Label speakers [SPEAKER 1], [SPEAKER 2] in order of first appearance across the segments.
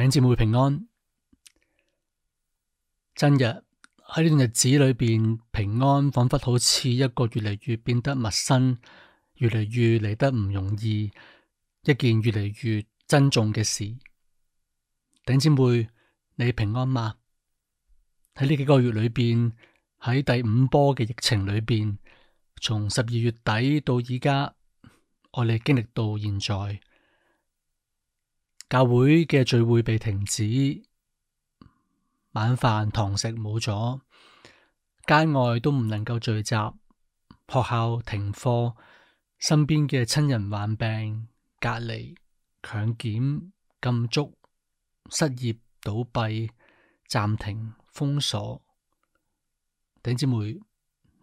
[SPEAKER 1] 弟姊妹平安，真嘅喺呢段日子裏邊，平安仿佛好似一個越嚟越變得陌生，越嚟越嚟得唔容易，一件越嚟越珍重嘅事。弟姊妹，你平安嗎？喺呢幾個月裏邊，喺第五波嘅疫情裏邊，從十二月底到而家，我哋經歷到現在。教會嘅聚會被停止，晚飯堂食冇咗，街外都唔能夠聚集，學校停課，身邊嘅親人患病，隔離、強檢、禁足、失業、倒閉、暫停、封鎖。頂姊妹，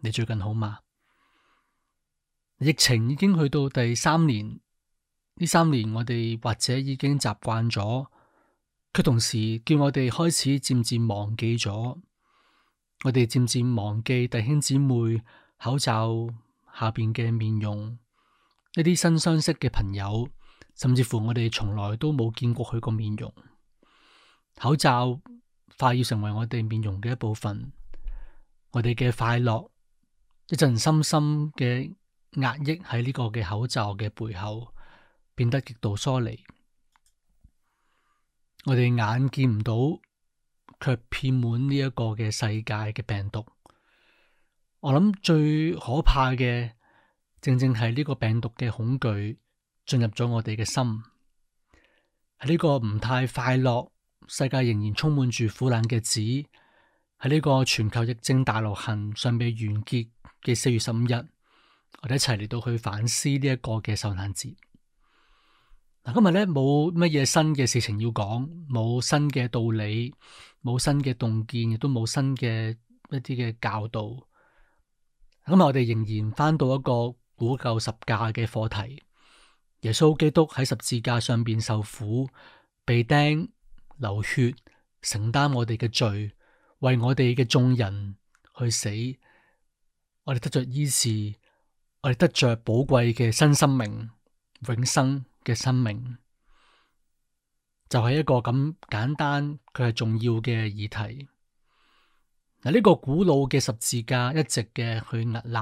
[SPEAKER 1] 你最近好嗎？疫情已經去到第三年。呢三年，我哋或者已經習慣咗，佢同時叫我哋開始漸漸忘記咗，我哋漸漸忘記弟兄姊妹口罩下邊嘅面容，一啲新相識嘅朋友，甚至乎我哋從來都冇見過佢個面容。口罩快要成為我哋面容嘅一部分，我哋嘅快樂一陣深深嘅壓抑喺呢個嘅口罩嘅背後。變得極度疏離，我哋眼見唔到，卻遍滿呢一個嘅世界嘅病毒。我諗最可怕嘅，正正係呢個病毒嘅恐懼進入咗我哋嘅心。喺呢個唔太快樂世界，仍然充滿住苦難嘅節。喺呢個全球疫症大流行尚未完結嘅四月十五日，我哋一齊嚟到去反思呢一個嘅受難節。嗱，今日咧冇乜嘢新嘅事情要講，冇新嘅道理，冇新嘅洞見，亦都冇新嘅一啲嘅教導。今日我哋仍然翻到一個古舊十架嘅課題。耶穌基督喺十字架上邊受苦，被釘，流血，承擔我哋嘅罪，為我哋嘅眾人去死。我哋得着醫治，我哋得着寶貴嘅新生命、永生。嘅生命就係、是、一個咁簡單，佢係重要嘅議題嗱。呢、這個古老嘅十字架一直嘅去屹立。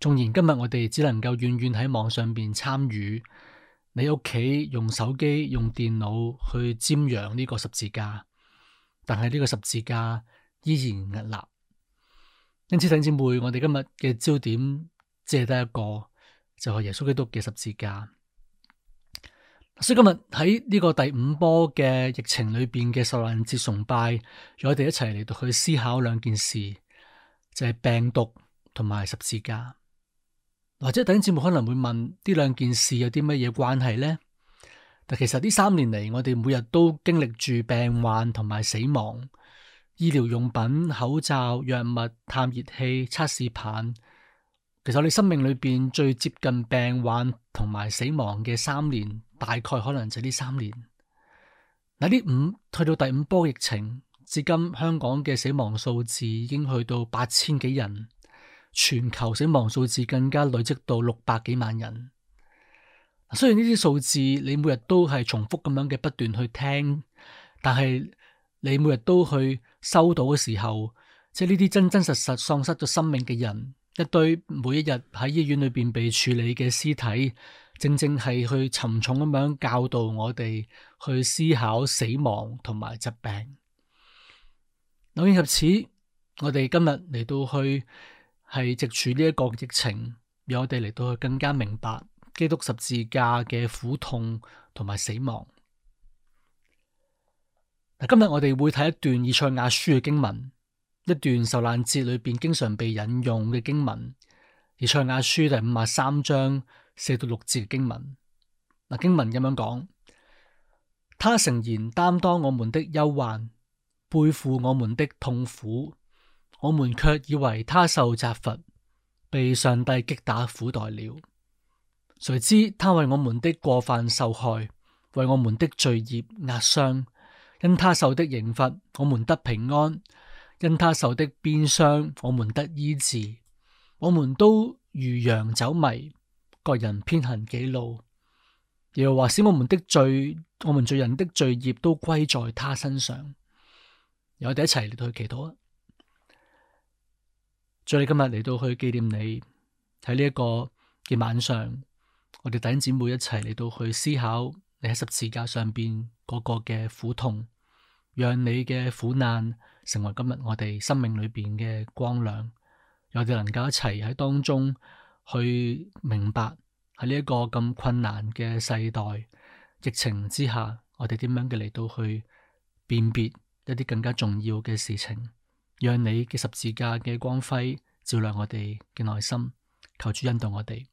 [SPEAKER 1] 縱然今日我哋只能夠遠遠喺網上邊參與，你屋企用手機、用電腦去瞻仰呢個十字架，但係呢個十字架依然屹立。因此，弟兄姊妹，我哋今日嘅焦點只係得一個，就係、是、耶穌基督嘅十字架。所以今日喺呢個第五波嘅疫情裏邊嘅受難節崇拜，我哋一齊嚟到去思考兩件事，就係、是、病毒同埋十字架。或者等陣節目可能會問，呢兩件事有啲乜嘢關係呢？但其實呢三年嚟，我哋每日都經歷住病患同埋死亡，醫療用品、口罩、藥物、探熱器、測試棒。其實我哋生命裏邊最接近病患同埋死亡嘅三年。大概可能就呢三年，嗱呢五退到第五波疫情，至今香港嘅死亡數字已經去到八千幾人，全球死亡數字更加累積到六百幾萬人。雖然呢啲數字你每日都係重複咁樣嘅不斷去聽，但係你每日都去收到嘅時候，即係呢啲真真實實喪失咗生命嘅人，一堆每一日喺醫院裏邊被處理嘅屍體。正正係去沉重咁樣教導我哋去思考死亡同埋疾病。有見及此，我哋今日嚟到去係直觸呢一個疫情，讓我哋嚟到去更加明白基督十字架嘅苦痛同埋死亡。嗱，今日我哋會睇一段以賽亞書嘅經文，一段受難節裏邊經常被引用嘅經文，以賽亞書第五十三章。四到六字經文嗱，經文咁樣講：，他誠然擔當我們的憂患，背負我們的痛苦，我們却以為他受責罰，被上帝擊打苦待了。誰知他為我們的過犯受害，為我們的罪孽壓傷。因他受的刑罰，我們得平安；因他受的鞭傷，我們得醫治。我們都如羊走迷。各人偏行己路，又話使我們的罪，我們罪人的罪孽都歸在他身上。有我哋一齊嚟到去祈禱啊！祝你今日嚟到去紀念你喺呢一個嘅晚上，我哋弟兄姊妹一齊嚟到去思考你喺十字架上邊個個嘅苦痛，讓你嘅苦難成為今日我哋生命裏邊嘅光亮，我哋能夠一齊喺當中。去明白喺呢一個咁困難嘅世代疫情之下，我哋點樣嘅嚟到去辨別一啲更加重要嘅事情，讓你嘅十字架嘅光輝照亮我哋嘅內心，求主引導我哋。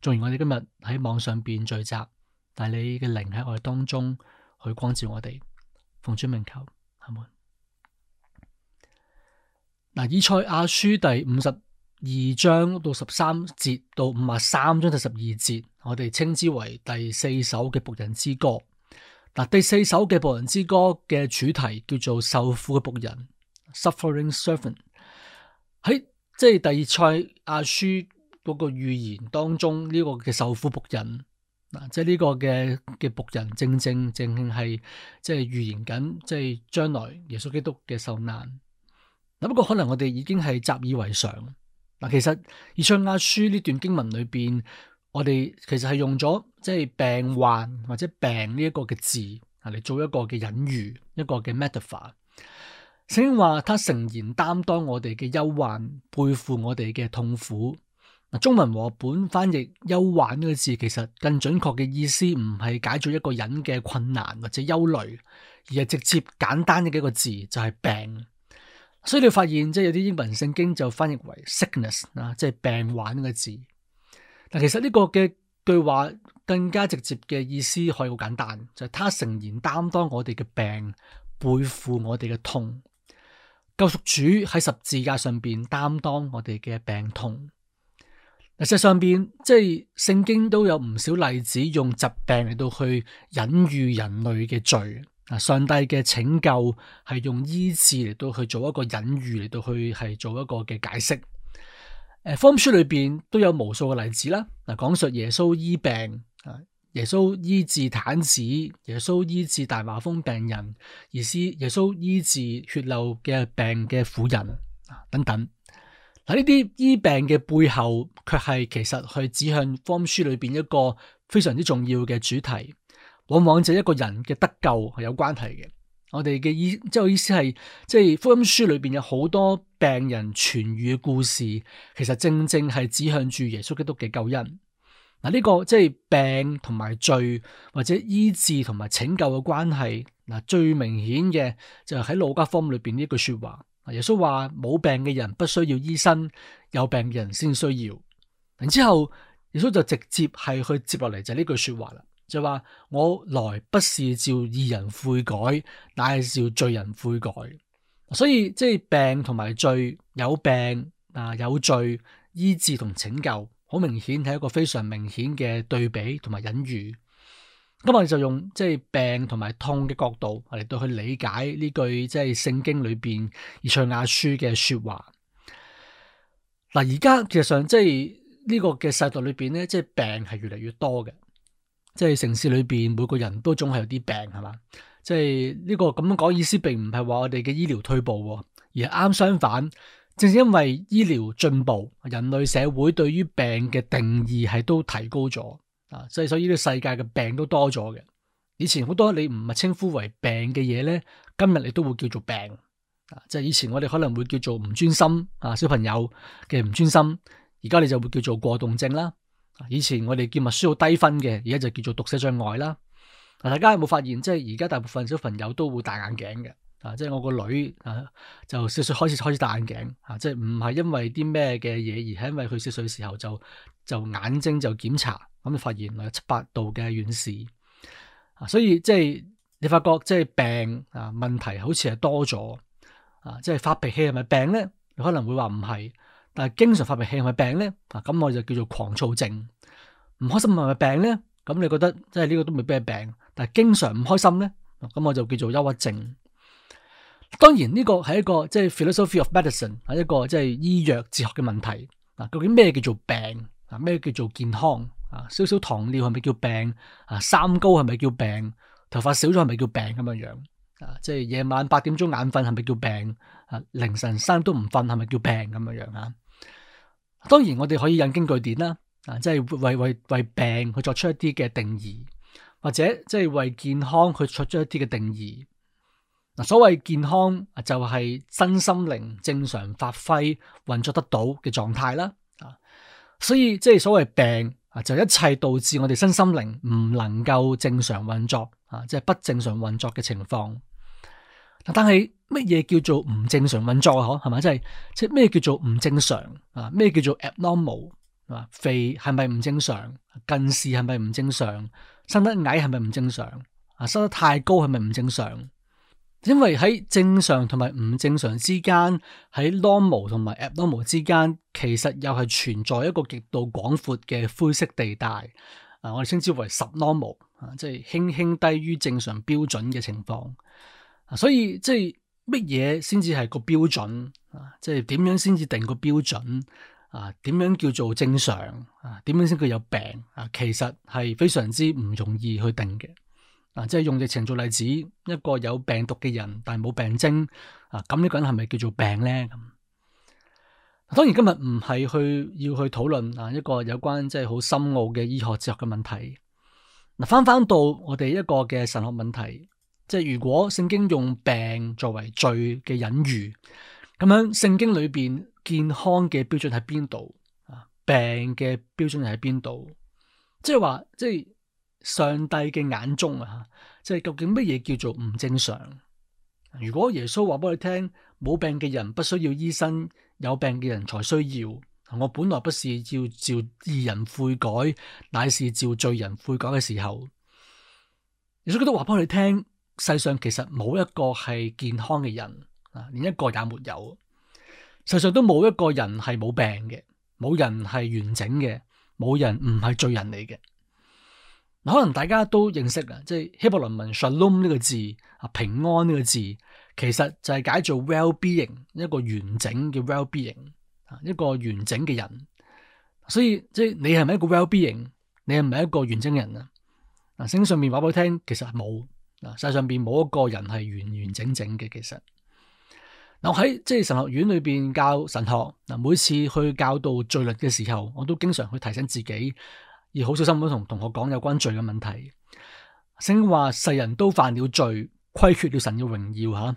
[SPEAKER 1] 縱然我哋今日喺網上邊聚集，但係你嘅靈喺我哋當中去光照我哋，奉主名求，阿門。嗱，以賽亞書第五十。二章到十三節到五十三章第十二節，我哋稱之為第四首嘅僕人之歌。嗱，第四首嘅僕人之歌嘅主題叫做受苦嘅僕人 （suffering servant）。喺即係第二賽亞書嗰個預言當中，呢個嘅受苦僕人嗱，即係呢個嘅嘅僕人，這個、人正正正正係即係預言緊，即、hmm、係將來耶穌基督嘅受難。嗱，不過可能我哋已經係習以為常。其實以賽亞書呢段經文裏邊，我哋其實係用咗即係病患或者病呢一個嘅字啊，嚟做一個嘅隱喻，一個嘅 metaphor。聖經話，他誠然擔當我哋嘅憂患，背負我哋嘅痛苦。嗱，中文和本翻譯憂患呢個字其實更準確嘅意思唔係解作一個人嘅困難或者憂慮，而係直接簡單嘅一個字就係病。所以你發現即係有啲英文聖經就翻譯為 sickness 啊，即係病患嘅字。嗱，其實呢個嘅句話更加直接嘅意思可以好簡單，就係、是、他誠然擔當我哋嘅病，背負我哋嘅痛。救贖主喺十字架上邊擔當我哋嘅病痛。實際上邊即係聖經都有唔少例子，用疾病嚟到去隱喻人類嘅罪。上帝嘅拯救係用醫治嚟到去做一個隱喻，嚟到去係做一個嘅解釋。誒、啊，方書裏邊都有無數嘅例子啦，嗱，講述耶穌醫病，啊，耶穌醫治癱子，耶穌醫治大麻風病人，而是耶穌醫治血流嘅病嘅婦人啊，等等。嗱、啊，呢啲醫病嘅背後，卻係其實係指向方書裏邊一個非常之重要嘅主題。往往就係一個人嘅得救係有關係嘅。我哋嘅意即係意思係，即係福音書裏邊有好多病人痊愈嘅故事，其實正正係指向住耶穌基督嘅救恩。嗱、這個，呢個即係病同埋罪或者醫治同埋拯救嘅關係。嗱，最明顯嘅就係喺路加福音裏邊呢一句說話。耶穌話：冇病嘅人不需要醫生，有病嘅人先需要。然之後耶穌就直接係去接落嚟就係呢句說話啦。就話，我來不是照義人悔改，乃是照罪人悔改。所以即係病同埋罪，有病啊，有罪，醫治同拯救，好明顯係一個非常明顯嘅對比同埋隱喻。咁我哋就用即係病同埋痛嘅角度嚟到去理解呢句即係聖經裏邊以賽亞書嘅說話。嗱，而家其實上即係呢個嘅世代裏邊咧，即係病係越嚟越多嘅。即係城市裏邊，每個人都總係有啲病，係嘛？即係呢個咁樣講意思，並唔係話我哋嘅醫療退步，而係啱相反，正是因為醫療進步，人類社會對於病嘅定義係都提高咗啊！即係所以呢個世界嘅病都多咗嘅。以前好多你唔係稱呼為病嘅嘢咧，今日你都會叫做病啊！即係以前我哋可能會叫做唔專心啊，小朋友嘅唔專心，而家你就會叫做過動症啦。以前我哋叫默書好低分嘅，而家就叫做讀寫障礙啦。嗱，大家有冇發現？即係而家大部分小朋友都會戴眼鏡嘅。啊，即係我個女啊，就小少開始開始戴眼鏡啊，即係唔係因為啲咩嘅嘢，而係因為佢小少嘅時候就就眼睛就檢查咁，發現有七八度嘅遠視啊，所以即係你發覺即係病啊問題好似係多咗啊，即係發脾氣係咪病咧？你可能會話唔係。但係經常發脾氣係咪病咧？啊，咁我就叫做狂躁症。唔開心係咪病咧？咁你覺得即係呢個都未必係病。但係經常唔開心咧，咁我就叫做憂鬱症。當然呢個係一個即係、就是、philosophy of medicine 啊，一個即係醫藥哲學嘅問題啊。究竟咩叫做病啊？咩叫做健康啊？少少糖尿係咪叫病啊？三高係咪叫病？啊、頭髮少咗係咪叫病咁樣樣啊？即係夜晚八點鐘眼瞓係咪叫病啊？凌晨三都唔瞓係咪叫病咁樣樣啊？當然，我哋可以引經據典啦，啊，即係為為，為病去作出一啲嘅定義，或者即係為健康去作出一啲嘅定義。嗱，所謂健康就係身心靈正常發揮運作得到嘅狀態啦。啊，所以即係所謂病啊，就一切導致我哋身心靈唔能夠正常運作啊，即係不正常運作嘅情況。但係乜嘢叫做唔正常運作啊？嗬，係嘛，即係即係咩叫做唔正常啊？咩叫做 abnormal？啊，肥係咪唔正常？近視係咪唔正常？生得矮係咪唔正常？啊，生得太高係咪唔正常？因為喺正常同埋唔正常之間，喺 normal 同埋 abnormal 之間，其實又係存在一個極度廣闊嘅灰色地帶。啊，我哋稱之為十 n o r m a l 啊，即係輕輕低於正常標準嘅情況。所以即係乜嘢先至係個標準，標準啊？即係點樣先至定個標準啊？點樣叫做正常啊？點樣先叫有病啊？其實係非常之唔容易去定嘅。啊，即係用疫情做例子，一個有病毒嘅人但係冇病徵啊，咁呢個人係咪叫做病咧？咁當然今日唔係去要去討論啊一個有關即係好深奧嘅醫學哲學嘅問題。嗱，啊，翻翻到我哋一個嘅神學問題。即係如果聖經用病作為罪嘅隱喻，咁樣聖經裏邊健康嘅標準喺邊度啊？病嘅標準又喺邊度？即係話，即係上帝嘅眼中啊，即係究竟乜嘢叫做唔正常？如果耶穌話俾你聽，冇病嘅人不需要醫生，有病嘅人才需要。我本來不是要召義人悔改，乃是召罪人悔改嘅時候。耶穌都話俾你聽。世上其實冇一個係健康嘅人啊，連一個也沒有。世上都冇一個人係冇病嘅，冇人係完整嘅，冇人唔係罪人嚟嘅。可能大家都認識啦，即係希伯來文 shalom 呢個字啊，平安呢個字，其實就係解做 well being 一個完整嘅 well being 啊，一個完整嘅人。所以即係你係咪一個 well being？你係唔係一個完整人啊？聖經上面話俾我聽，其實係冇。世上邊冇一個人係完完整整嘅。其實嗱，我喺即係神學院裏邊教神學嗱，每次去教導罪律嘅時候，我都經常去提醒自己，而好小心咁同同學講有關罪嘅問題。聖經話世人都犯了罪，虧缺了神嘅榮耀吓。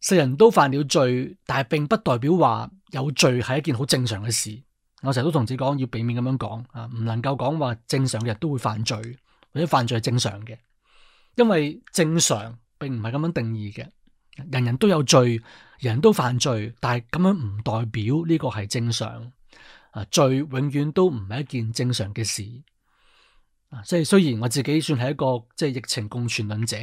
[SPEAKER 1] 世人都犯了罪，但係並不代表話有罪係一件好正常嘅事。我成日都同自己講要避免咁樣講啊，唔能夠講話正常嘅人都會犯罪，或者犯罪係正常嘅。因為正常並唔係咁樣定義嘅，人人都有罪，人人都犯罪，但係咁樣唔代表呢個係正常。啊，罪永遠都唔係一件正常嘅事。啊，即係雖然我自己算係一個即係疫情共存論者，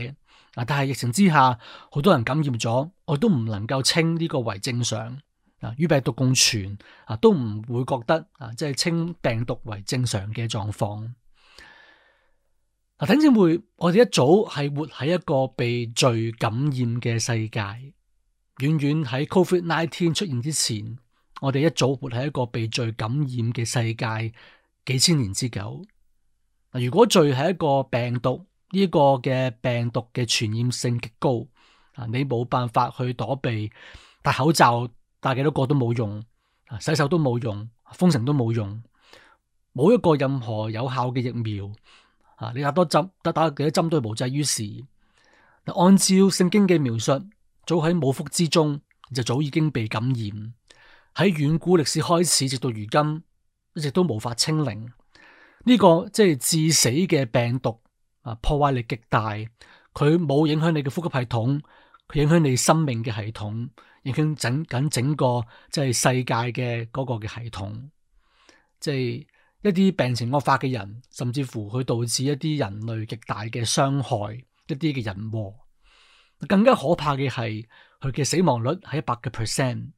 [SPEAKER 1] 啊，但係疫情之下好多人感染咗，我都唔能夠稱呢個為正常。啊，與病毒共存，啊，都唔會覺得啊，即係稱病毒為正常嘅狀況。嗱，弟兄姊妹，我哋一早係活喺一個被罪感染嘅世界。遠遠喺 COVID-19 出現之前，我哋一早活喺一個被罪感染嘅世界幾千年之久。嗱，如果罪係一個病毒，呢、這個嘅病毒嘅傳染性極高，啊，你冇辦法去躲避，戴口罩戴幾多個都冇用，洗手都冇用，封城都冇用，冇一個任何有效嘅疫苗。你打多針，打打幾多針都無濟於事。嗱，按照聖經嘅描述，早喺母腹之中就早已經被感染，喺遠古歷史開始，直到如今一直都無法清零。呢、這個即係致死嘅病毒，啊，破壞力極大。佢冇影響你嘅呼吸系統，佢影響你生命嘅系統，影響整緊整個即係世界嘅嗰個嘅系統，即係。一啲病情惡化嘅人，甚至乎佢導致一啲人類極大嘅傷害，一啲嘅人禍。更加可怕嘅係佢嘅死亡率係一百嘅 percent。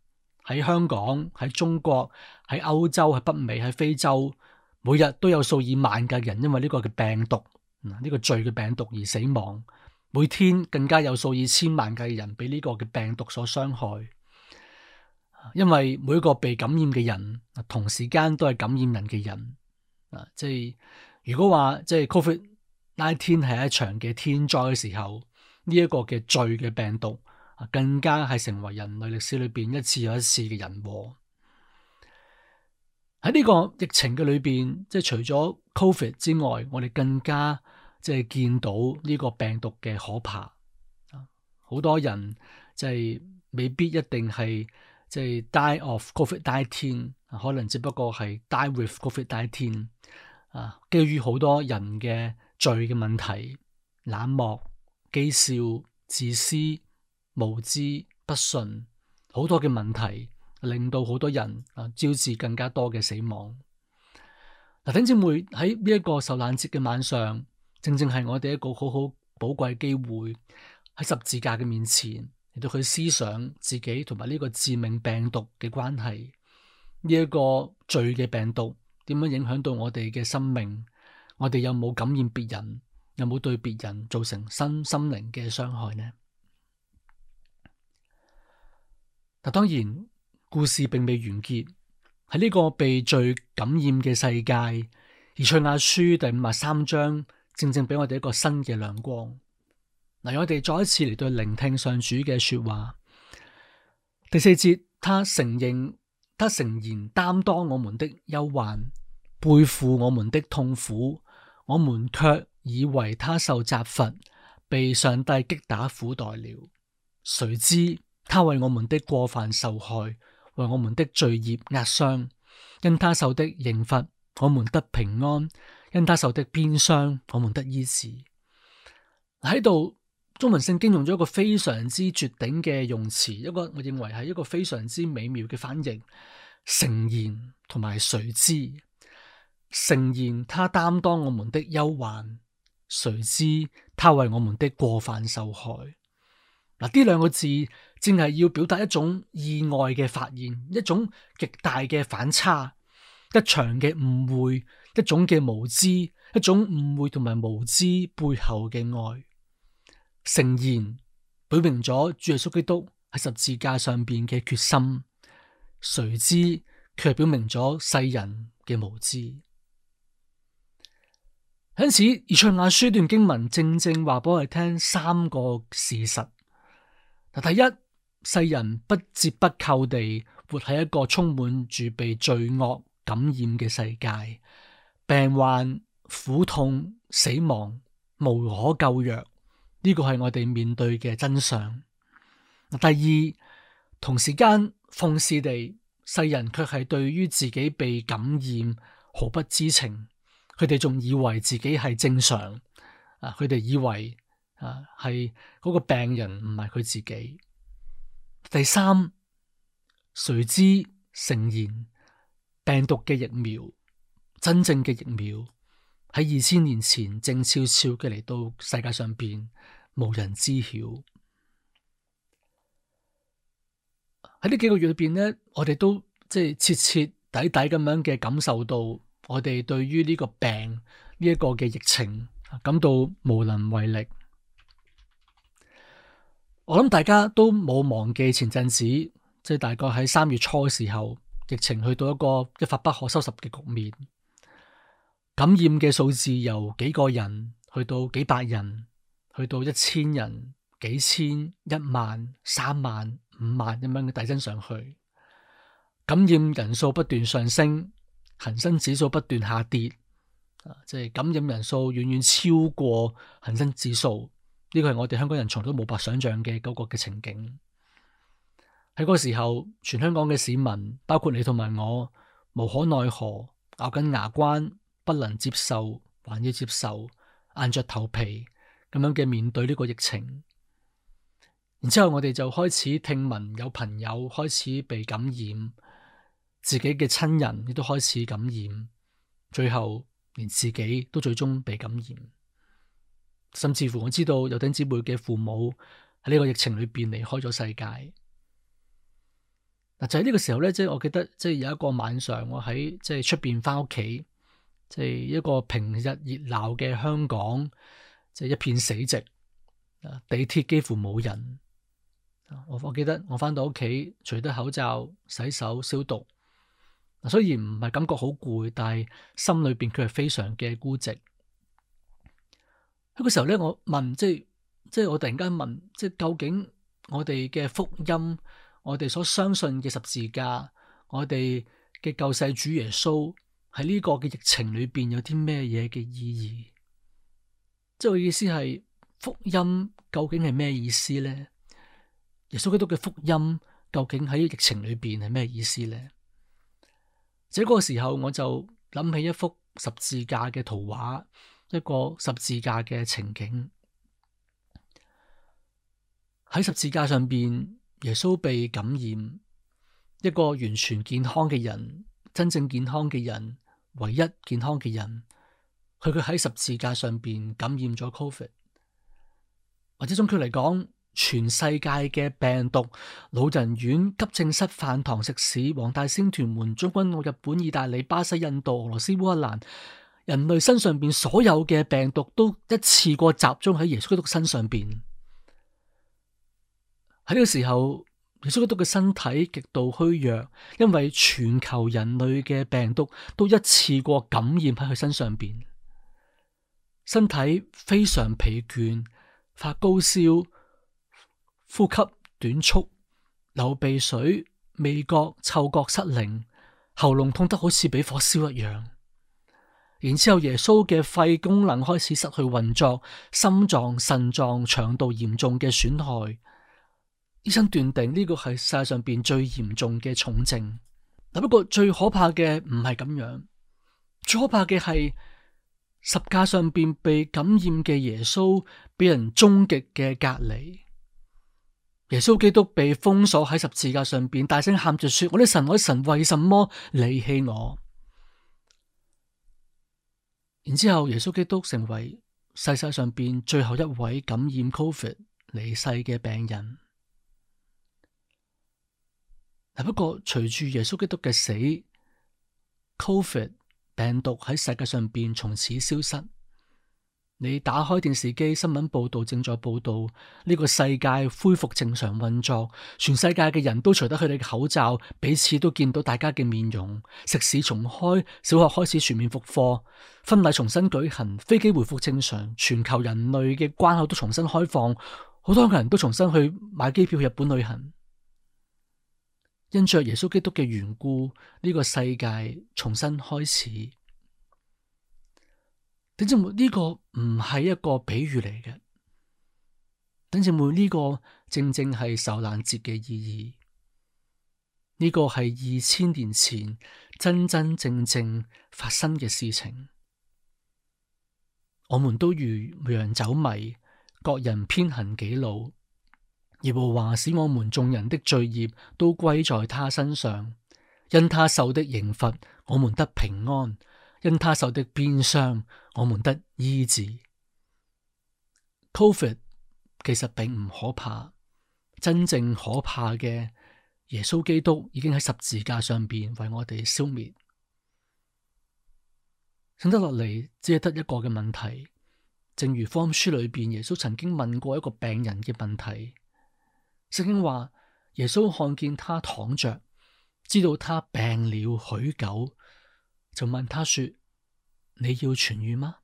[SPEAKER 1] 喺香港、喺中國、喺歐洲、喺北美、喺非洲，每日都有數以萬計嘅人因為呢個嘅病毒，呢、呢個罪嘅病毒而死亡。每天更加有數以千萬計嘅人俾呢個嘅病毒所傷害。因為每一個被感染嘅人，同時間都係感染人嘅人，啊，即係如果話即係、就是、Covid nineteen 係一場嘅天災嘅時候，呢、這、一個嘅罪嘅病毒，更加係成為人類歷史裏邊一次又一次嘅人禍。喺呢個疫情嘅裏邊，即係除咗 Covid 之外，我哋更加即係見到呢個病毒嘅可怕，啊，好多人即係未必一定係，即係 die of COVID-19，可能只不過係 die with COVID-19。19, 啊，基於好多人嘅罪嘅問題、冷漠、譏笑、自私、無知、不順，好多嘅問題令到好多人啊招致更加多嘅死亡。嗱、啊，弟兄姊妹喺呢一個受難節嘅晚上，正正係我哋一個好好寶貴機會喺十字架嘅面前。到佢思想自己同埋呢個致命病毒嘅關係，呢、這、一個罪嘅病毒點樣影響到我哋嘅生命？我哋有冇感染別人？有冇對別人造成新心靈嘅傷害呢？嗱，當然故事並未完結，喺呢個被罪感染嘅世界，而《以賽亞書》第五十三章正正俾我哋一個新嘅亮光。嗱，我哋再一次嚟到聆聽上主嘅說話。第四節，他承認，他誠然擔當我們的憂患，背負我們的痛苦，我們卻以為他受責罰，被上帝擊打苦待了。誰知他為我們的過犯受害，為我們的罪孽壓傷。因他受的刑罰，我們得平安；因他受的鞭傷，我們得醫治。喺度。中文聖經用咗一個非常之絕頂嘅用詞，一個我認為係一個非常之美妙嘅翻譯，誠然同埋誰知。誠然，他擔當我們的憂患，誰知他為我們的過犯受害。嗱，呢兩個字正係要表達一種意外嘅發現，一種極大嘅反差，一場嘅誤會，一種嘅無知，一種誤會同埋無知背後嘅愛。成言表明咗，主耶穌基督喺十字架上邊嘅決心，誰知卻表明咗世人嘅無知。因此以賽亞書呢段經文，正正話俾我哋聽三個事實。嗱，第一，世人不折不扣地活喺一個充滿住被罪惡感染嘅世界，病患、苦痛、死亡，無可救藥。呢個係我哋面對嘅真相。第二，同時間諷刺地，世人卻係對於自己被感染毫不知情，佢哋仲以為自己係正常。啊，佢哋以為啊係嗰、那個病人唔係佢自己。第三，誰知成現病毒嘅疫苗，真正嘅疫苗。喺二千年前，靜悄悄嘅嚟到世界上邊，無人知曉。喺呢幾個月裏邊咧，我哋都即係徹徹底底咁樣嘅感受到，我哋對於呢個病呢一個嘅疫情感到無能為力。我諗大家都冇忘記前陣子，即係大概喺三月初嘅時候，疫情去到一個一發不可收拾嘅局面。感染嘅數字由幾個人去到幾百人，去到一千人、幾千、一萬、三萬、五萬咁樣遞增上去，感染人數不斷上升，恒生指數不斷下跌，啊，即係感染人數遠遠超過恒生指數，呢個係我哋香港人從來都冇法想象嘅嗰個嘅情景。喺嗰個時候，全香港嘅市民，包括你同埋我，無可奈何，咬緊牙關。不能接受，還要接受，硬着頭皮咁樣嘅面對呢個疫情。然之後我哋就開始聽聞有朋友開始被感染，自己嘅親人亦都開始感染，最後連自己都最終被感染。甚至乎我知道有丁姊妹嘅父母喺呢個疫情裏邊離開咗世界。嗱，就喺、是、呢個時候咧，即係我記得，即係有一個晚上我，我喺即係出邊翻屋企。即係一個平日熱鬧嘅香港，即係一片死寂，啊，地鐵幾乎冇人。我我記得我翻到屋企，除低口罩、洗手、消毒。嗱，雖然唔係感覺好攰，但係心裏邊佢係非常嘅孤寂。喺嗰時候咧，我問，即係即係我突然間問，即係究竟我哋嘅福音，我哋所相信嘅十字架，我哋嘅救世主耶穌。喺呢個嘅疫情裏邊有啲咩嘢嘅意義？即係我意思係福音究竟係咩意思咧？耶穌基督嘅福音究竟喺疫情裏邊係咩意思咧？喺嗰個時候我就諗起一幅十字架嘅圖畫，一個十字架嘅情景，喺十字架上邊，耶穌被感染，一個完全健康嘅人，真正健康嘅人，唯一健康嘅人，佢佢喺十字架上邊感染咗 Covid，或者總括嚟講，全世界嘅病毒、老人院、急症室、飯堂食肆、黃大仙、屯門、將軍澳、日本、意大利、巴西、印度、俄羅斯、烏克蘭、人類身上邊所有嘅病毒都一次過集中喺耶穌基督身上邊。喺呢個時候。耶穌基督嘅身體極度虛弱，因為全球人類嘅病毒都一次過感染喺佢身上邊，身體非常疲倦，發高燒，呼吸短促，流鼻水，味覺、嗅覺失靈，喉嚨痛得好似俾火燒一樣。然之後，耶穌嘅肺功能開始失去運作，心臟、腎臟、腸道嚴重嘅損害。醫生斷定呢個係世界上邊最嚴重嘅重症。嗱，不過最可怕嘅唔係咁樣，最可怕嘅係十架上邊被感染嘅耶穌俾人終極嘅隔離。耶穌基督被封鎖喺十字架上邊，大聲喊住說：我的神，我的神，為什麼離棄我？然之後，耶穌基督成為世界上邊最後一位感染 Covid 離世嘅病人。不過隨住耶穌基督嘅死，Covid 19，病毒喺世界上邊從此消失。你打開電視機，新聞報道正在報道呢、這個世界恢復正常運作，全世界嘅人都除得佢哋嘅口罩，彼此都見到大家嘅面容，食肆重開，小學開始全面復課，婚禮重新舉行，飛機回復正常，全球人類嘅關口都重新開放，好多人都重新去買機票去日本旅行。因着耶穌基督嘅緣故，呢、這個世界重新開始。等陣會呢、這個唔係一個比喻嚟嘅，等陣會呢、這個正正係受難節嘅意義。呢、這個係二千年前真真正正發生嘅事情。我們都如羊走迷，各人偏行己路。而耶和華使我們眾人的罪孽都歸在他身上，因他受的刑罰，我們得平安；因他受的鞭傷，我們得醫治。Covid 其實並唔可怕，真正可怕嘅，耶穌基督已經喺十字架上邊為我哋消滅。剩得落嚟只係得一個嘅問題，正如福音書裏邊耶穌曾經問過一個病人嘅問題。聖經話耶穌看見他躺着，知道他病了許久，就問他說：你要痊愈嗎？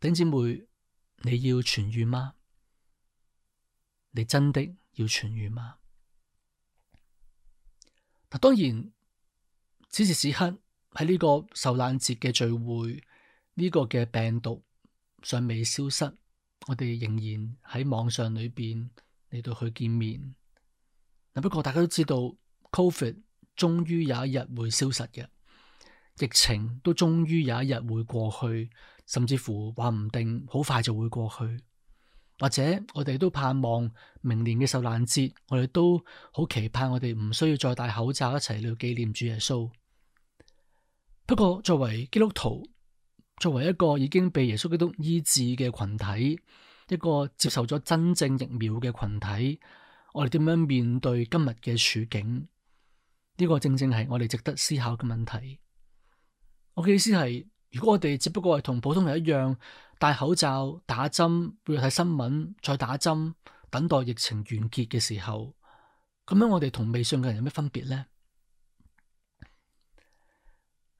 [SPEAKER 1] 頂姐妹，你要痊愈嗎？你真的要痊愈嗎？嗱，當然，此時此刻喺呢個受難節嘅聚會，呢個嘅病毒尚未消失，我哋仍然喺網上裏邊。嚟到去見面，不過大家都知道，COVID 終於有一日會消失嘅，疫情都終於有一日會過去，甚至乎話唔定好快就會過去，或者我哋都盼望明年嘅受難節，我哋都好期盼，我哋唔需要再戴口罩一齊嚟紀念主耶穌。不過作為基督徒，作為一個已經被耶穌基督醫治嘅群體。一個接受咗真正疫苗嘅群體，我哋點樣面對今日嘅處境？呢個正正係我哋值得思考嘅問題。我嘅意思係，如果我哋只不過係同普通人一樣戴口罩、打針、每日睇新聞、再打針、等待疫情完結嘅時候，咁樣我哋同未信嘅人有咩分別呢？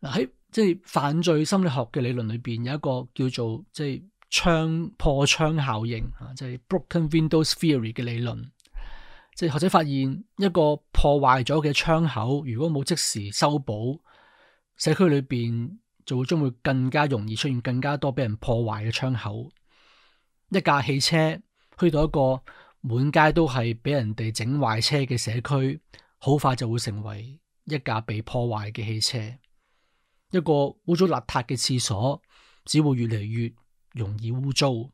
[SPEAKER 1] 嗱，喺即係犯罪心理學嘅理論裏邊，有一個叫做即係。窗破窗效應啊，就係、是、broken windows theory 嘅理論，即係學者發現一個破壞咗嘅窗口，如果冇即時修補，社區裏邊就會將會更加容易出現更加多俾人破壞嘅窗口。一架汽車去到一個滿街都係俾人哋整壞車嘅社區，好快就會成為一架被破壞嘅汽車。一個污糟邋遢嘅廁所，只會越嚟越。容易污糟，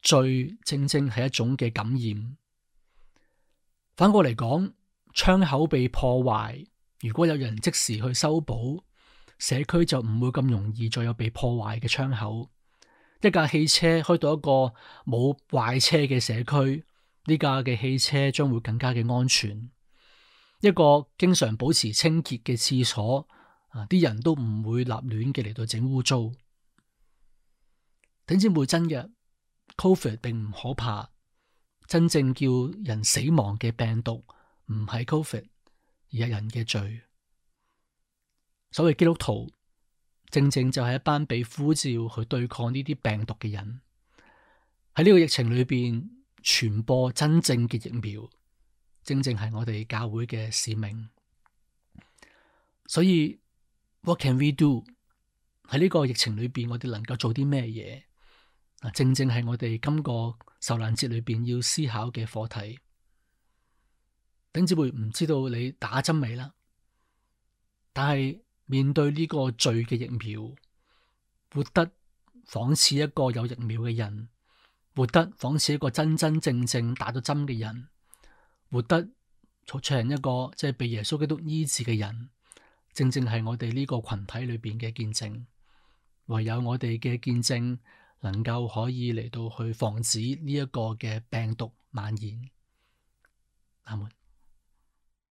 [SPEAKER 1] 罪正正係一種嘅感染。反過嚟講，窗口被破壞，如果有人即時去修補，社區就唔會咁容易再有被破壞嘅窗口。一架汽車開到一個冇壞車嘅社區，呢架嘅汽車將會更加嘅安全。一個經常保持清潔嘅廁所，啊，啲人都唔會立亂嘅嚟到整污糟。點知唔會真嘅，Covid 並唔可怕，真正叫人死亡嘅病毒唔係 Covid，而係人嘅罪。所謂基督徒，正正就係一班被呼召去對抗呢啲病毒嘅人。喺呢個疫情裏邊傳播真正嘅疫苗，正正係我哋教會嘅使命。所以，What can we do？喺呢個疫情裏邊，我哋能夠做啲咩嘢？正正係我哋今個受難節裏邊要思考嘅課題。丁子會唔知道你打針未啦？但係面對呢個罪嘅疫苗，活得仿似一個有疫苗嘅人，活得仿似一個真真正正打咗針嘅人，活得做出人一個即係被耶穌基督醫治嘅人，正正係我哋呢個群體裏邊嘅見證。唯有我哋嘅見證。能夠可以嚟到去防止呢一個嘅病毒蔓延，阿門。